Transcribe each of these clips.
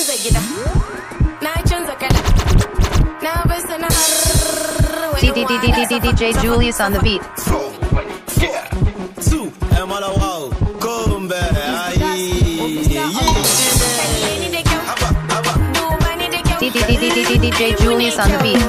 chanza DJ Julius on the beat. Two, DJ Julius on the beat.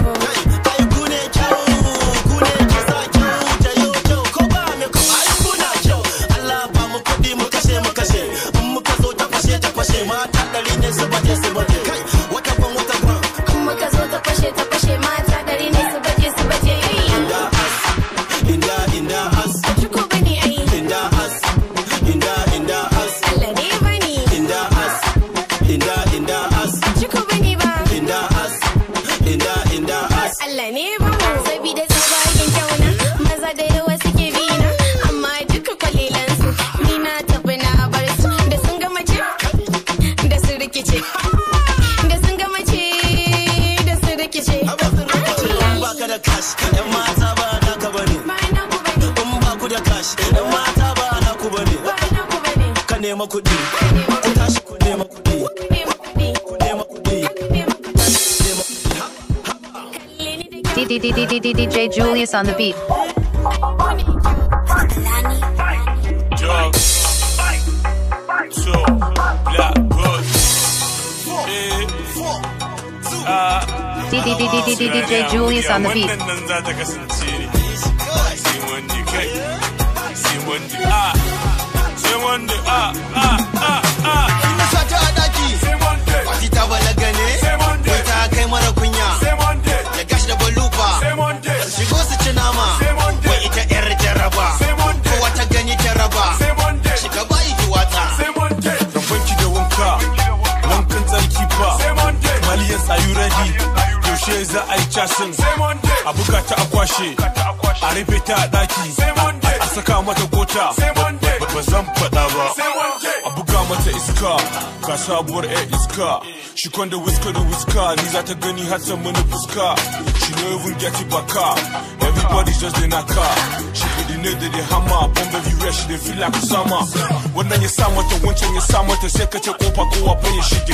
DJ Julius on the beat. DJ Julius on the beat. Sai wanda a rufe ta a ɗaki a saka mata gota sai ba zan faɗa ba a buga mata iska ka sabuwar air iska she come da da whisker ni za ta gani har san mana fuska she no even get it everybody just a car. she be the nail the hammer bomb everywhere she dey feel like Osama wannan ya sa mata wancan ya sa mata sai ka ce kofa kowa fa ya shige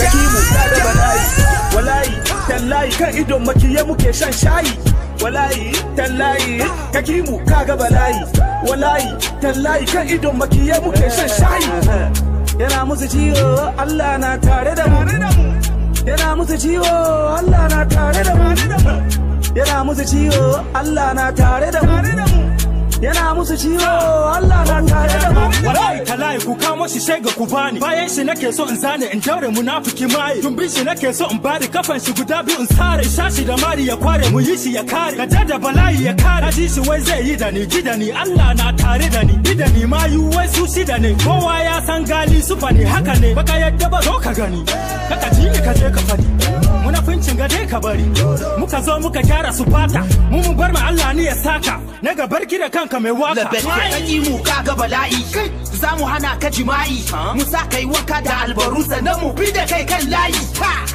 saki mu da bala'i wallahi tallahi kan idon makiye muke shan shayi Walayi tallayi kaki mu kaga balayi, walayi tallayi kan idon makiye muke shan shayi yana musu ciwo Allah na tare da mu yana musu ciwo Allah na tare da mu yana musu ciwo Allah na tare da mu yana musu ciwo Allah na tare da mu wallahi talai ku kamo shi sai ga ku bani bayan shi nake so in zane in daure munafiki mai tumbin shi nake so in bari kafan shi guda biyu in sare shi da mari ya kware mu yi shi ya kare da da bala'i ya kare Aji shi wai zai yi da ni ji ni Allah na tare da ni da ni ma yu wai su shi da ni kowa ya san gali su fani haka ne baka yadda ba zo ka gani kaka ji ka je ka fadi kafin gade ka bari muka zo muka gyara su fata mu mu bar ma Allah ni ya saka na ga barki da kanka mai waka labbai mu ka ga bala'i za mu hana ka jima'i mu sa kai waka da albaru sannan mu bi da kai kan layi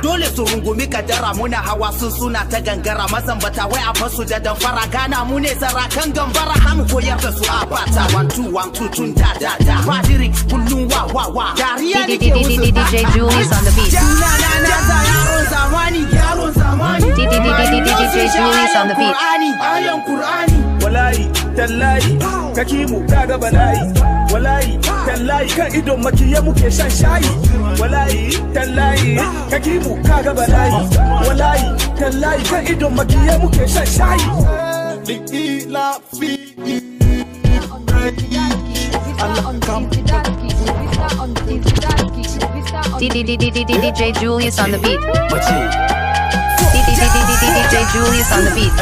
dole su rungumi kadara muna hawa sun suna ta gangara mazambata wai a fasu da damfara gana mu ne sarakan gambara an koyar da su a bata one two one two tun da da da fadiri kullum wa wa wa dariya ne ke musu DJ Julius on the beat na na na za yaron zamani yaron zamani DJ Julius on the beat ayan Qur'ani wallahi tallahi kakimu kaga bala'i wallahi tallahi kan idon makiye muke shan shayi walayi tallahi ka kibu ka ga balayi walayi tallahi kan idon makiye muke shan shayi la fi DJ Julius on the beat. DJ Julius on the beat.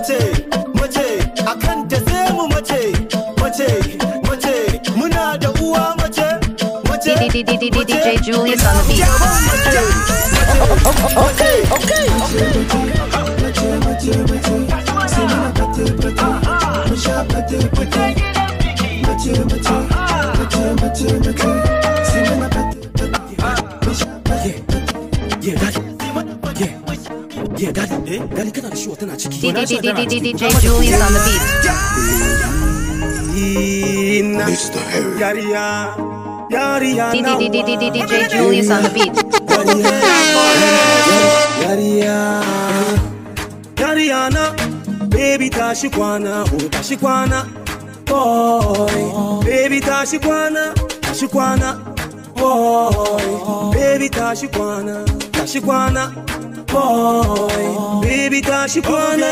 mace mace akan ta sai mu mace mace mace muna da uwa mace mace DJ Julius on the beat. Okay, okay, okay. okay. DJ Julian's on the beat. Mr. Harry. DJ Julius on the beat. Yariana, baby Tashikwana, oh Tashikwana, boy, baby Tashikwana, Tashikwana, boy, baby Tashikwana, Tashikwana. boy baby tashi kwana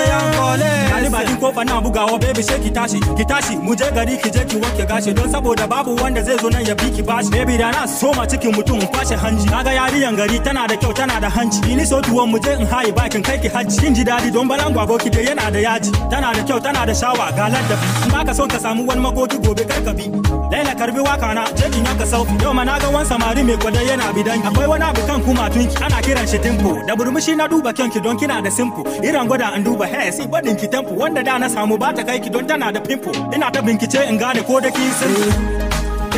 Ali ba kofa na bugawa babi sai ki tashi ki tashi mu je gari ki je ki wanke gashi don saboda babu wanda zai zo nan ya bi ki bashi baby da na soma cikin mutum kwashe hanji naga yariyan gari tana da kyau tana da hanci ni so tuwon mu je in haye bakin kai ki hajji kin ji dadi don balan gwabo ki da yana da yaji tana da kyau tana da shawa ga ladabi in baka son ka samu wani makoki gobe kar ka bi laila karbi waka na je in yanka yau ma na ga wan samari mai kwada yana bidan akwai wani abu kan kuma ana kiran shi tempo da burmushi shi na duba kyanki don kina da simple iran gwada an duba hair sai gwadin ki tempo wanda da na samu ba ta kai ki don tana da pimple ina ta bincike in gane ko da ki sun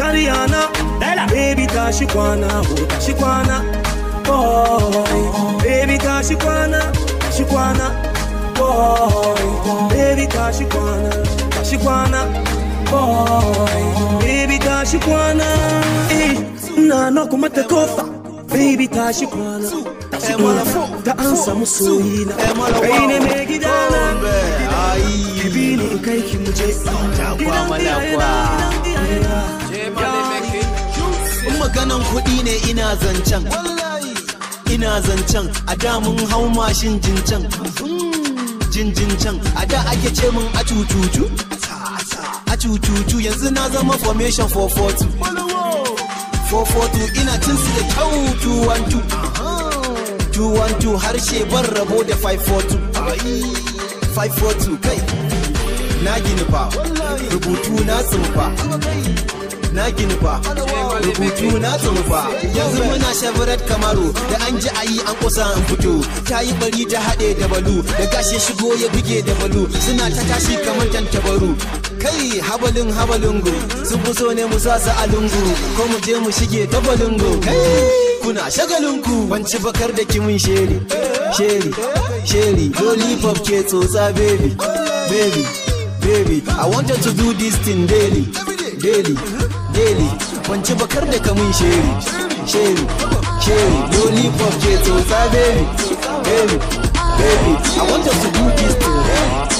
Yariana, Bella, baby ta shi kwana, oh, ta shi kwana, boy, baby shi kwana, shi kwana, boy, baby shi kwana, ta shi kwana, boy, baby shi kwana, eh, na no ta kofa. baby tashi kwana da an samu soyi na kai ne mai gida na ki bi in kai ki muje gidan biya maganan kuɗi ne ina zancen ina zancen a da mun hau mashin jincan jinjin can a da ake ce min a cucucu a cucucu yanzu na zama formation 4-40. 442 ina cin su da kyau 212 212 harshe ban rabo da 542 542 kai na gini ba rubutu na tsufa na gini ba rubutu na yanzu muna shabarar kamaru da an ji ayi an kusa an fito ta yi bari ta haɗe da balu da gashi shigo ya buge da balu suna ta tashi kamar tabaru kai habalin habalungu Su fi ne mu sa su alungu ko mu je mu shige ta balungu kai kuna shagalinku wanci bakar da kimin sheri sheri sheri lollipop ke tsotsa baby baby baby i wanted to do this thing daily daily daily wanci bakar da kimin sheri sheri sheri lollipop ke tsotsa baby baby baby i wanted to do this thing daily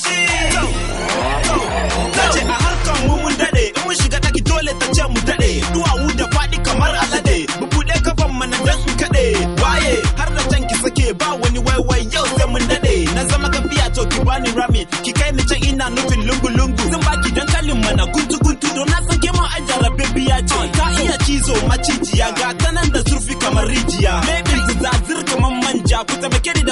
Puta, me quiere ir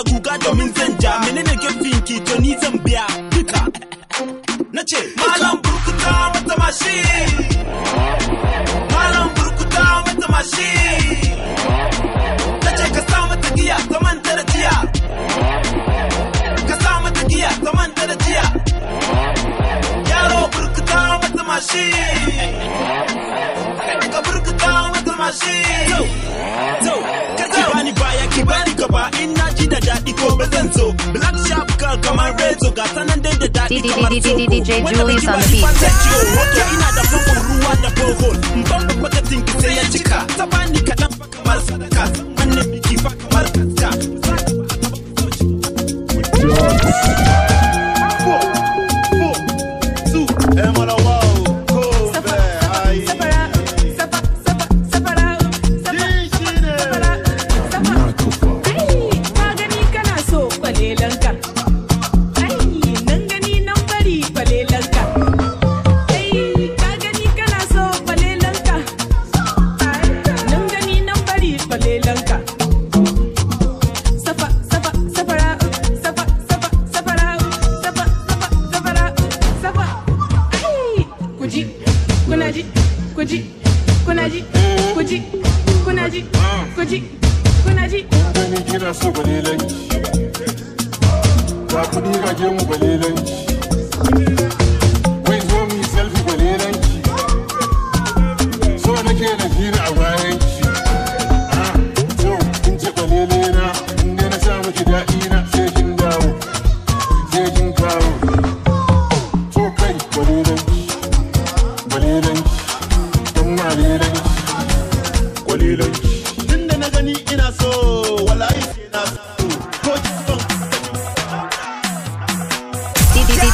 DJ, DJ Julius on the beat. kuna ji ku ji kuna ji gani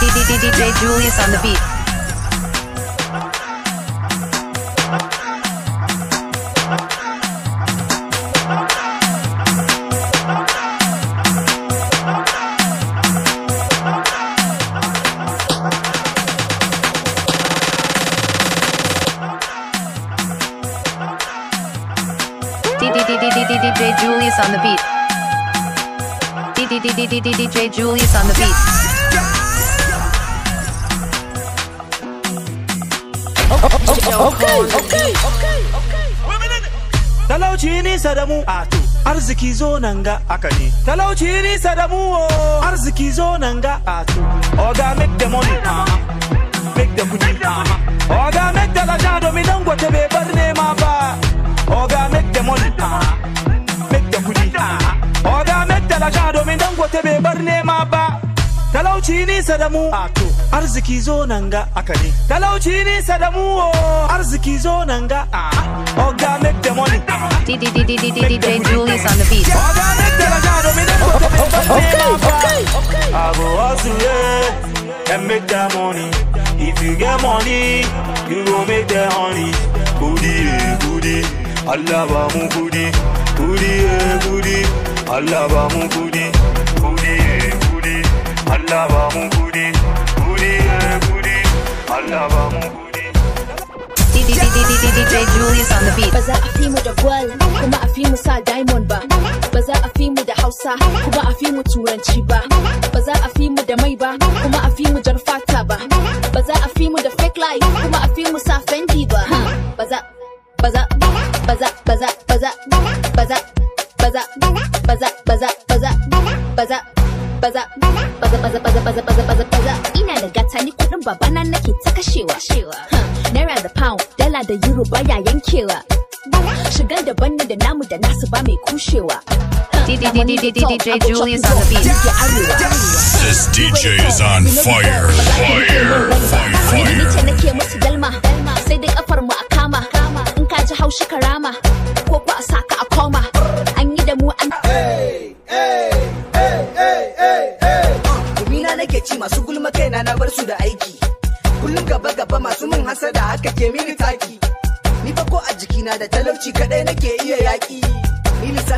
DJ Julius on the beat. DJ Julius on the beat. DJ Julius on the beat. Okay, okay, okay, okay. Talauci nisa da mu a to, arziki zo nan ga aka ne. Talauci nisa da mu o, arziki zo nan ga Oga make the money, uh-huh. make the kudi, uh-huh. Oga make the laja domin dangote bai bar nema ba. Oga make the money, uh-huh. make the kudi, uh-huh. Oga make the laja domin dangote bai bar nema ba talauci nisa da mu a to arziki zo nan ga aka ne talauci nisa da mu o oh. arziki zo nan ga a oga make the money DJ Julius on the beat oga make the money domin okay okay okay I go hustle yeah, and make the money if you get money you go make the honey booty booty Allah ba mu booty booty booty Allah ba mu booty Allah ba mu da kuma a sa diamond a fi da Hausa kuma turanci ba Ba da mai ba kuma ba fi da fake life kuma a This DJ is on fire. Fire. Fire. Sai dai kafar mu a in ka ji da mu an. nake ci masu gulma kaina na bar da aiki. kullum gaba gaba masu min hasada haka ke mini taki ni fa ko a jikina da talauci kadai nake iya yaki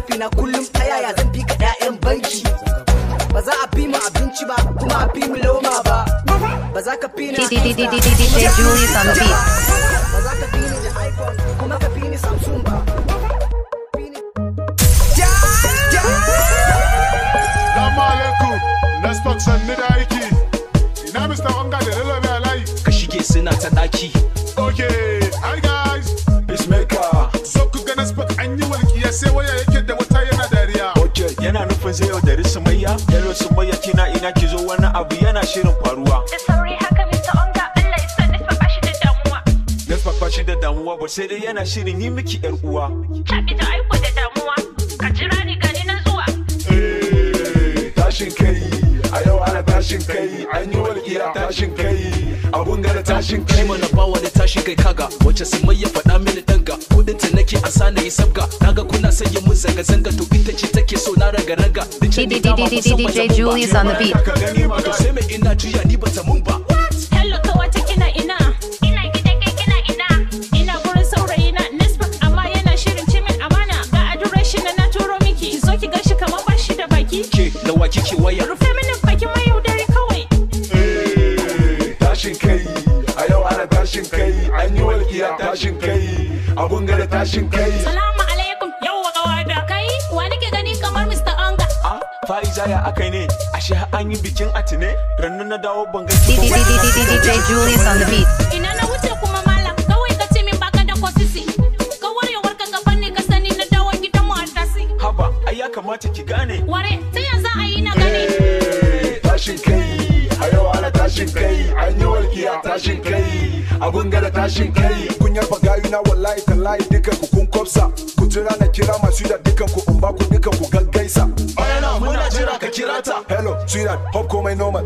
lissafi na kullum ta yaya zan bi ka 'ya'yan banki ba za a fi mu abinci ba kuma a fi mu loma ba ba za ka fi na ba kuma ka fi ni samsung ba ina da lalabe okay walkiya sai waya yake da wata yana dariya yana nufin zai yau dari sumayya yalo sumayya kina ina ki zo wani abu yana shirin faruwa da sauri haka mr onga allah isa nisfafa shi da damuwa nisfafa shi da damuwa ba sai dai yana shirin yi miki yar uwa cabi da aiko da damuwa ka jira ni gani na zuwa eh, tashin kai a yau ana tashin kai an yi walƙiya tashin kai abun gara tashin kai mana bawa wani tashin kai kaga wacce sun ya faɗa mini danga kudin ta nake a sana yi sabga naga kuna sanya mun zanga zanga to ita ce take so na raga raga din ce on the beat to sai mai ina juya ni bata mun ba hello kawata kina ina Ki zo ki gashi kamar bashi da baki. Ke wa kike waya? Rufe tashin kai abun gada tashin kai salamu alaikum yau wa kawada kai wa nake gani kamar mr anga. a fa'iza ya akai ne ashe an yi bikin atine rannan na dawo banga DJ Julius on the beat ina na wuce kuma malam kawai ka ce min baka da kosisi ka warewar ka ka fanni ka sani na dawo gidan mu an tasi haba ai ya kamata ki gane ware ta ya za a yi na gani eh, tashin kai a yau ana tashin kai an yi walƙiya tashin kai abun gada tashin kai na wallahi tallahi dukan ku kun kwafsa ku jira na kira masu da dukan ku in ba ku dukan ku gaggaisa bayana muna jira ka kira ta hello sweetheart hope komai normal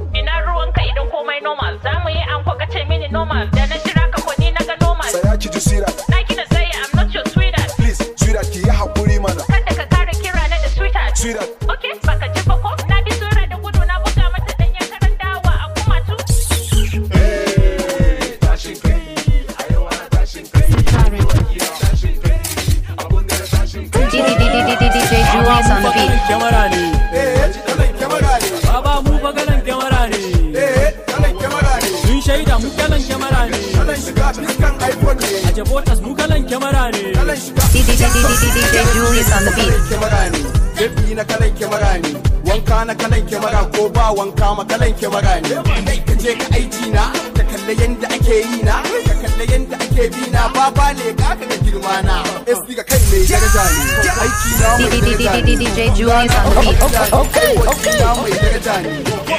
on the beat. Dabi na kalan kyamara ne, wanka na kalan kyamara ko ba wanka ma kalan kyamara ne. Ka je ka aiki na, ka kalla yanda ake yi na, ka kalla yanda ake bi na, ba ba le ka ka girma na. SP ka kai mai daraja ne, aiki na mai daraja ne. Okay, okay, okay.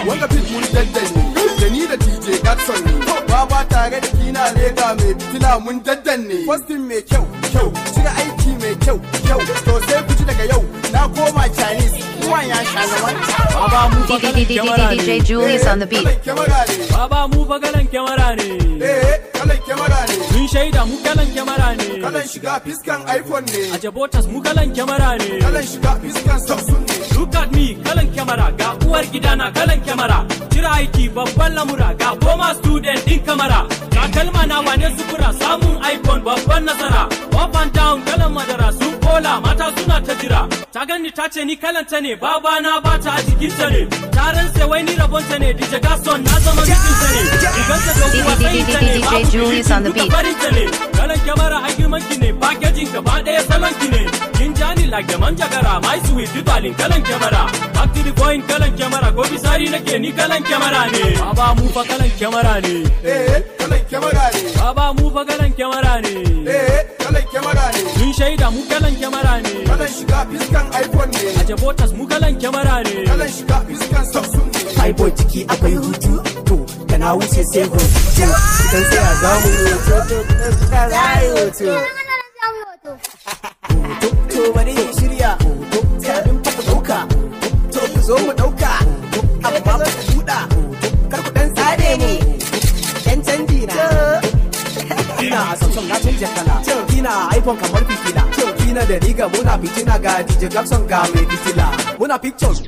Wanga fit mun daddan ne, da ni da DJ Gatson ne. Ba ba tare da kina lega mai fitila mun daddan ne. Fastin mai kyau, kyau, cika aiki kyau kyau to sai ku ji daga yau na koma chinese wan ya sha baba mu bagalan kyamara ne DJ Julius eh, on the beat baba mu bagalan kyamara ne eh kalan kyamara ne mun shaida mu kalan kyamara ne kalan shiga fiskan iphone ne a jabotas mu kalan kyamara ne kalan shiga fiskan samsung ne look at me kalan kyamara ga uwar gidana kalan kyamara Jira aiki babban lamura ga goma student din kamara takalma na wane sukura samun iphone babban nasara up and down kalan madara sun kola mata suna ta jira ta gani ta ce ni kalanta ne baba na ba ta a jikinta ne ta rantse wai ni rabonta ne dj gaston na zama mijinta ne rigarta da kuma sayinta ne babu kushi ta ne kalan kyamara a girman ki ne packaging gaba ɗaya salon ki ne like da manjagara my sweet dutalin kalan kyamara back to the point kalan kyamara ko bisari nake ni kalan kyamara ne baba mu fa kalan kyamara ne eh, eh kalan kyamara ne baba mu fa kalan kyamara ne eh, eh kalan kyamara ne mun shaida mu kalan kyamara ne kalan shiga fiskan iphone ne a botas mu kalan kyamara ne kalan shiga fiskan samsung ne iphone ciki akwai hutu to kana wuce sai hoto idan sai a zamu hoto to hoto to bari in shirya abin ku ɗauka to ku zo mu ɗauka amma ku buɗa kar ku ɗan tsare mu ɗan canji na ina a samson na canja kala ina iphone kamar fitila ina da riga muna fitina ga dj jackson ga mai fitila muna pictures